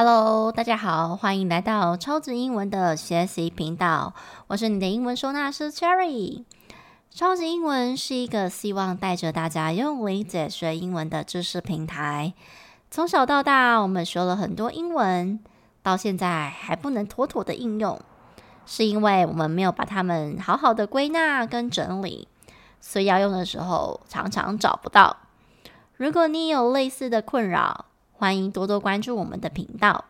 Hello，大家好，歡迎來到超級櫻文的學習頻道。我是你的英文收納師 Cherry。超級櫻文是一個希望帶着大家用理解學英文的知識平台。從小到大，我們學了很多英文，到現在還不能妥妥的應用，是因為我們沒有把它們好好的歸納跟整理，所以要用的時候常常找不到。如果你有類似的困擾，歡迎多多關注我們的頻道。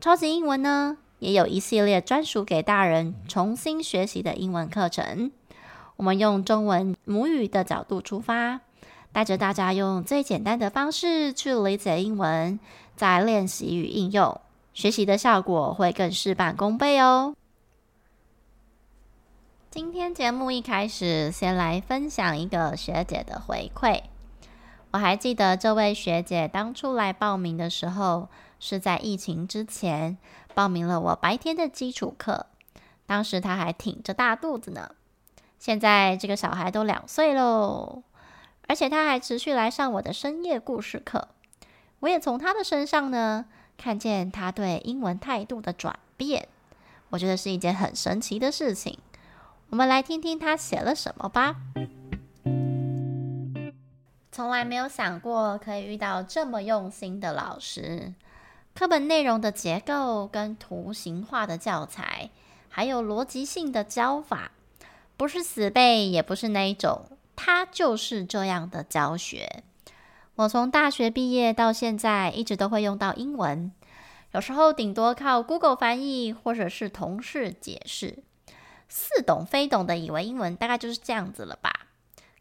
超級櫻文呢，也有一系列專屬給大人重新學習的英文課程。我們用中文母語的角度出發，帶着大家用最簡單的方式去理解英文，再練習與應用，學習的效果會更事半功倍哦。今天節目一開始，先來分享一個學姐的回饋。我還記得這位學姐當初來報名的時候，是在疫情之前，報名了我白天的基礎課，當時她還挺着大肚子呢。現在這個小孩都兩歲嘍，而且她還持續來上我的深夜故事課。我也從她的身上呢，看見她對英文態度的轉變，我覺得是一件很神奇的事情。我們來聽聽她寫了什麼吧。從來沒有想過可以遇到這麼用心的老師。課本內容的結構跟圖形化的教材，還有邏輯性的教法，不是死背，也不是那一種，它就是這樣的教學。我從大學畢業到現在，一直都會用到英文，有時候頂多靠 Google 翻譯，或者是同事解釋，似懂非懂的，以為英文大概就是這樣子了吧。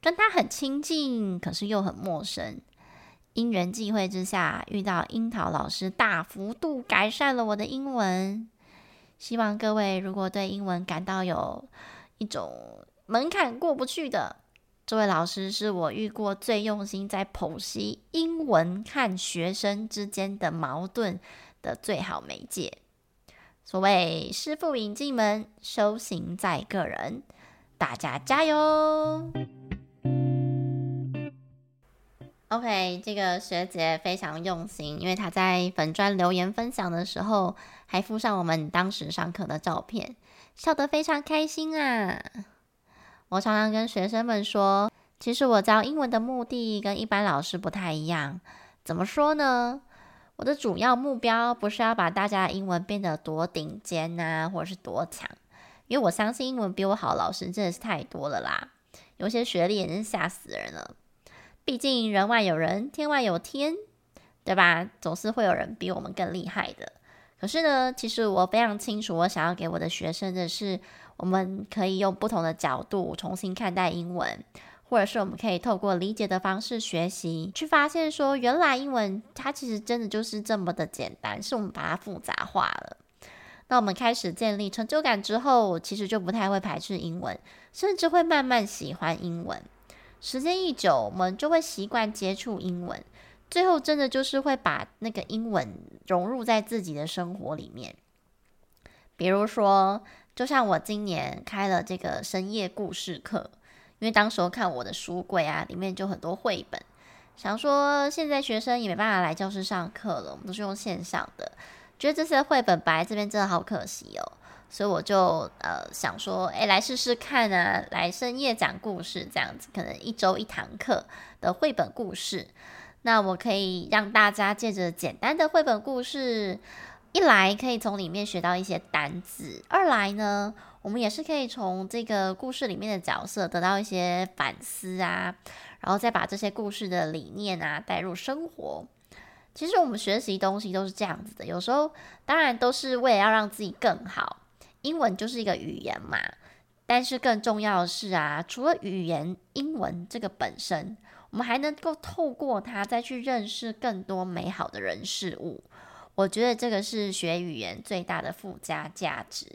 跟他很親近，可是又很陌生。因緣際會之下，遇到櫻桃老師，大幅度改善了我的英文。希望各位如果對英文感到有一種門檻過不去的，這位老師是我遇過最用心在剖析英文和學生之間的矛盾的最好媒介。所謂師傅引進門，修行在個人。大家加油！OK，這個學姐非常用心，因為她在粉專留言分享的時候，還附上我們當時上課的照片，笑得非常開心啊！我常常跟學生們說，其實我教英文的目的跟一般老師不太一樣。怎麼說呢？我的主要目標不是要把大家的英文變得多頂尖啊，或者是多強，因為我相信英文比我好老師真的是太多了啦，有些學歷也是嚇死人了。畢竟人外有人，天外有天，對吧？總是會有人比我們更厲害的。可是呢，其實我非常清楚，我想要給我的學生的是，我們可以用不同的角度重新看待英文，或者是我們可以透過理解的方式學習，去發現說，原來英文它其實真的就是這麼的簡單，是我們把它複雜化了。那我們開始建立成就感之後，其實就不太會排斥英文，甚至會慢慢喜歡英文。時間一久，我們就會習慣接觸英文，最後真的就是會把那個英文融入在自己的生活裡面。比如說，就像我今年開了這個深夜故事課，因為當時候看我的書櫃啊，裡面就很多繪本，想說現在學生也沒辦法來教室上課了，我們都是用線上的，覺得這些繪本擺在這邊真的好可惜哦、喔。所以我就呃想說，哎、欸，來試試看啊，來深夜講故事這樣子，可能一周一堂課的繪本故事，那我可以讓大家借着簡單的繪本故事，一來可以從裡面學到一些單字，二來呢，我們也是可以從這個故事裡面的角色得到一些反思啊，然後再把這些故事的理念啊帶入生活。其實我們學習東西都是這樣子的，有時候當然都是為了要讓自己更好。英文就是一個語言嘛，但是更重要的是啊，除了語言英文這個本身，我們還能夠透過它再去認識更多美好的人事物。我覺得這個是學語言最大的附加價值。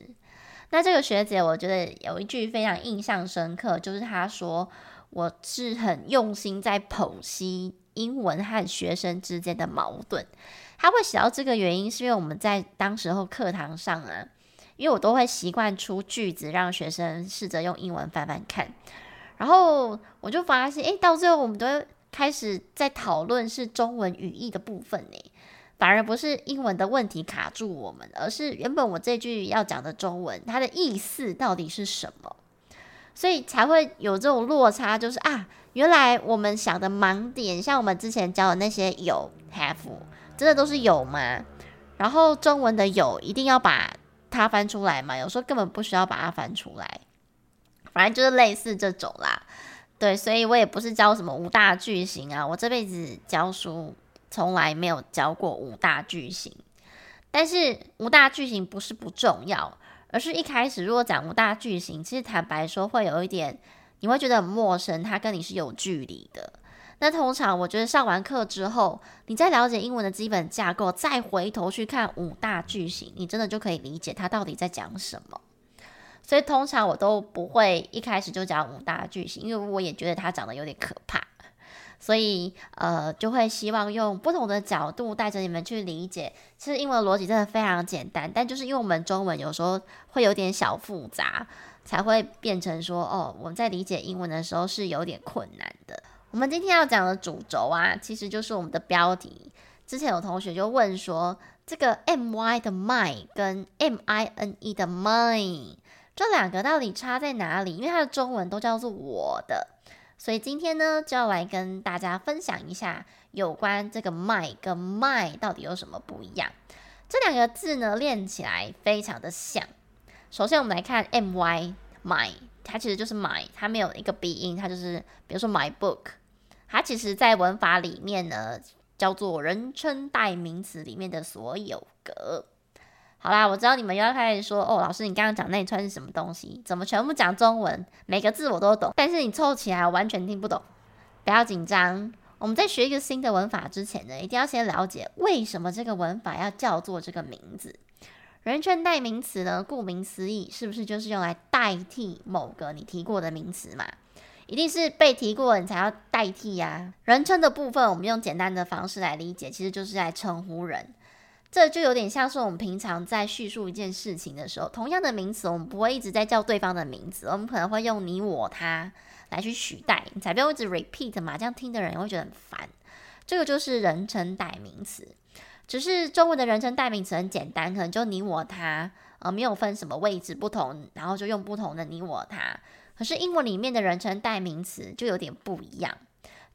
那這個學姐我覺得有一句非常印象深刻，就是她說：“我是很用心在剖析英文和學生之間的矛盾。”她會寫到這個原因，是因為我們在當時候課堂上啊。因為我都會習慣出句子，讓學生試着用英文翻翻看，然後我就發現，誒，到最後我們都會開始在討論是中文語義的部分呢，反而不是英文的問題卡住我們，而是原本我這句要講的中文，它的意思到底是什麼，所以才會有這種落差，就是啊，原來我們想的盲點，像我們之前教的那些有、have，真的都是有嗎？然後中文的有一定要把。他翻出來嘛，有時候根本不需要把它翻出來，反正就是類似這種啦，對，所以我也不是教什麼五大句型啊，我這輩子教書從來沒有教過五大句型，但是五大句型不是不重要，而是一開始如果講五大句型，其實坦白說會有一點，你會覺得很陌生，它跟你是有距離的。那通常我覺得上完課之後，你再了解英文的基本架構，再回頭去看五大句型，你真的就可以理解它到底在講什麼。所以通常我都不會一開始就講五大句型，因為我也覺得它長得有點可怕。所以呃，就會希望用不同的角度帶着你們去理解。其實英文邏輯真的非常簡單，但就是因為我們中文有時候會有點小複雜，才會變成說哦，我們在理解英文的時候是有點困難的。我們今天要講的主軸啊，其實就是我們的標題。之前有同學就問說，這個 my 的 my 跟 mine 的 mine 這兩個到底差在哪裡？因為它的中文都叫做我的，所以今天呢就要來跟大家分享一下有關這個 my 跟 mine 到底有什麼不一樣。這兩個字呢，練起來非常的像。首先，我們來看 my，my，my，它其實就是 my，它沒有一個鼻音，它就是比如說 my book。它其實，在文法裡面呢，叫做人稱代名詞裡面的所有格。好啦，我知道你們又要開始說哦，老師，你剛剛講那一串是什麼東西？怎麼全部講中文？每個字我都懂，但是你湊起來我完全聽不懂。不要緊張，我們在學一個新的文法之前呢，一定要先了解為什麼這個文法要叫做這個名字。人稱代名詞呢，顧名思義，是不是就是用來代替某個你提過的名詞嘛？一定是被提過你才要代替呀，啊。人稱的部分，我們用簡單的方式來理解，其實就是來稱呼人。這就有點像是我們平常在敘述一件事情的時候，同樣的名詞，我們不會一直在叫對方的名字，我們可能會用你、我、他來去取代，你才不要一直 repeat 嘛，這樣聽的人也會覺得很煩。這個就是人稱代名詞。只是中文的人稱代名詞很簡單，可能就你、我、他，呃，沒有分什麼位置不同，然後就用不同的你、我、他。可是英文裡面的人稱代名詞就有點不一樣，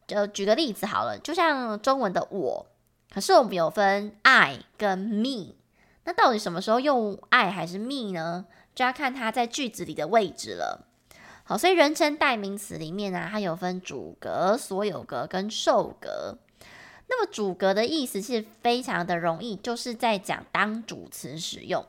就舉個例子好了，就像中文的我，可是我們有分 I 跟 me，那到底什麼時候用 I 還是 me 呢？就要看它在句子裡的位置了。好，所以人稱代名詞裡面呢、啊，它有分主格、所有格跟受格。那麼主格的意思是非常的容易，就是在講當主詞使用。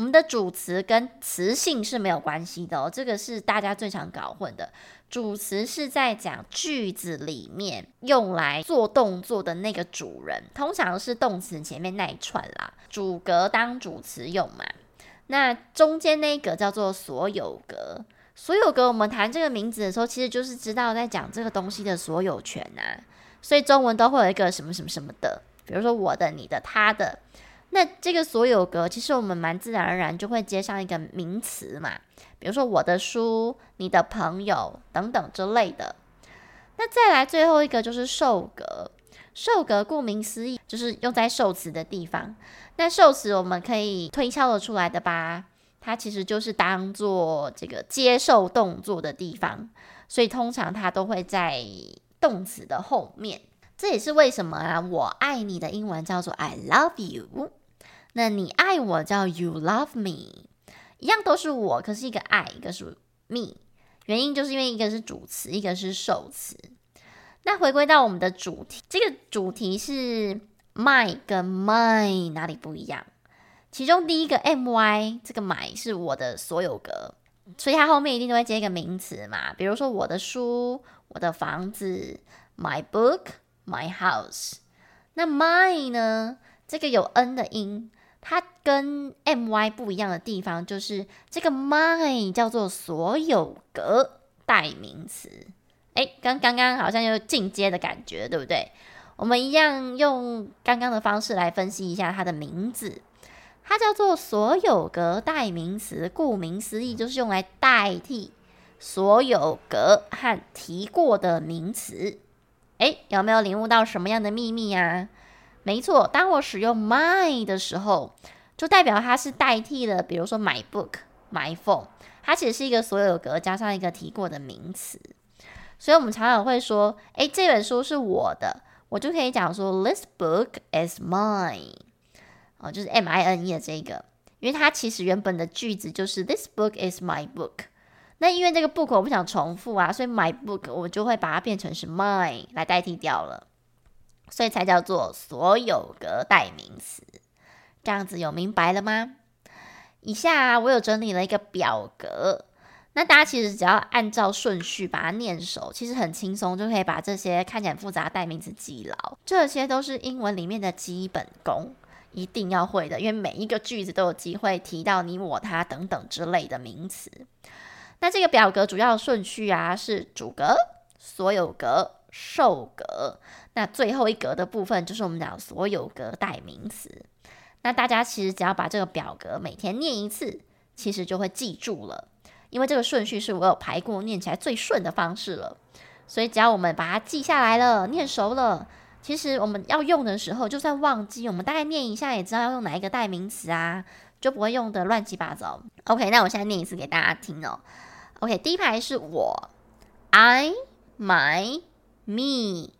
我們的主詞跟詞性是沒有關係的哦，這個是大家最常搞混的。主詞是在講句子裡面用來做動作的那個主人，通常是動詞前面那一串啦。主格當主詞用嘛，那中間那一格叫做所有格。所有格我們談這個名字的時候，其實就是知道在講這個東西的所有權啊。所以中文都會有一個什麼什麼什麼的，比如說我的、你的、他的。那這個所有格，其實我們蠻自然而然就會接上一個名詞嘛，比如說我的書、你的朋友等等之類的。那再來最後一個就是受格，受格顧名思義就是用在受詞的地方。那受詞我們可以推敲得出來的吧？它其實就是當做這個接受動作的地方，所以通常它都會在動詞的後面。這也是為什麼啊，我愛你的英文叫做 I love you。那你愛我叫 you love me，一樣都是我，可是一個 I，一個是 me，原因就是因為一個是主詞，一個是受詞。那回歸到我們的主題，這個主題是 my 跟 mine 哪裡不一樣？其中第一個 my 這個 my 是我的所有格，所以它後面一定都會接一個名詞嘛，比如說我的書、我的房子，my book、my house。那 mine 呢？這個有 n 的音。它跟 my 不一樣的地方就是這個 mine 叫做所有格代名詞，哎，剛，剛剛好像有進階的感覺，對不對？我們一樣用剛剛的方式來分析一下它的名字，它叫做所有格代名詞，顧名思義就是用來代替所有格和提過的名詞。哎，有沒有領悟到什麼樣的秘密呀、啊？沒錯，當我使用 mine 的時候，就代表它是代替了，比如說 my book, my phone，它其實是一個所有格加上一個提過的名詞。所以我們常常會說，誒，這本書是我的，我就可以講說 this book is mine。哦，就是 M-I-N-E 的這個，因為它其實原本的句子就是 this book is my book。那因為這個 book 我不想重複啊，所以 my book 我就會把它變成是 mine 來代替掉了。所以才叫做所有格代名詞，這樣子有明白了嗎？以下啊，我有整理了一個表格，那大家其實只要按照順序把它念熟，其實很輕鬆就可以把這些看起來很複雜的代名詞記牢。這些都是英文裡面的基本功，一定要會的，因為每一個句子都有機會提到你、我、他等等之類的名詞。那這個表格主要順序啊是主格、所有格、受格。那最後一格的部分就是我們講的所有格代名詞。那大家其實只要把這個表格每天念一次，其實就會記住了。因為這個順序是我有排過，念起來最順的方式了。所以只要我們把它記下來了，念熟了，其實我們要用的時候，就算忘記，我們大概念一下也知道要用哪一個代名詞啊，就不會用得亂七八糟。OK，那我現在念一次給大家聽哦、喔。OK，第一排是我，I, my, me。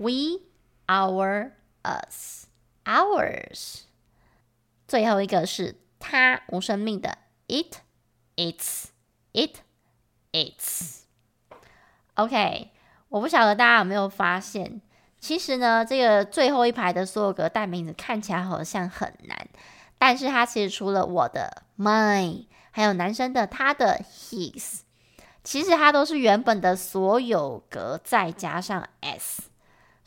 we our, us,、our、us、ours，最後一個是它無生命的 it、its、it、its。OK，我不曉得大家有沒有發現，其實呢，這個最後一排的所有格代名詞看起來好像很難，但是它其實除了我的 mine，還有男生的他的 his，其實它都是原本的所有格再加上 s。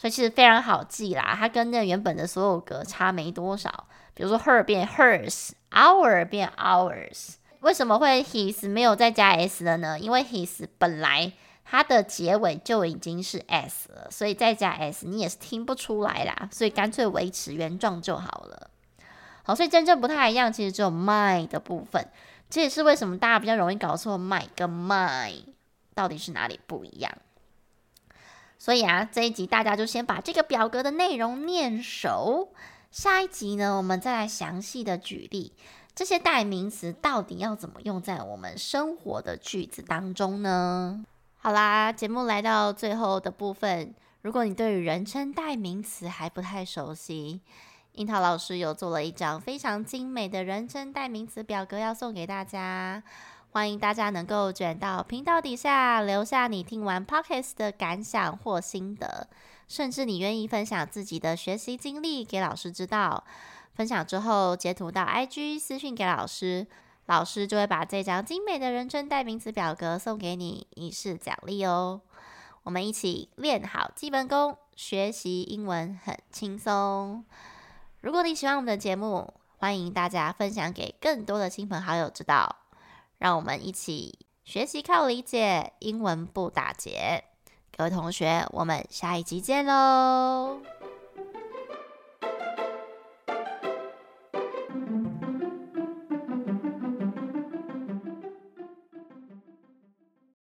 所以其實非常好記啦，它跟那原本的所有格差沒多少。比如說 her 變 hers，our 變 ours。為什麼會 his 沒有再加 s 了呢？因為 his 本來它的結尾就已經是 s 了，所以再加 s 你也是聽不出來啦。所以乾脆維持原狀就好了。好，所以真正不太一樣，其實只有 my 的部分。這也是為什麼大家比較容易搞錯 my 跟 mine 到底是哪裡不一樣。所以啊，這一集大家就先把這個表格的內容念熟。下一集呢，我們再來詳細的舉例，這些代名詞到底要怎麼用在我們生活的句子當中呢？好啦，節目來到最後的部分，如果你對於人稱代名詞還不太熟悉，櫻桃老師有做了一張非常精美的人稱代名詞表格要送給大家。歡迎大家能夠捲到頻道底下留下你聽完 podcast 的感想或心得，甚至你願意分享自己的學習經歷給老師知道。分享之後截圖到 IG 私訊給老師，老師就會把這張精美的人稱代名詞表格送給你，以示獎勵哦。我們一起練好基本功，學習英文很輕鬆。如果你喜歡我們的節目，歡迎大家分享給更多的親朋好友知道。讓我們一起學習靠理解，英文不打結。各位同學，我們下一集見嘍！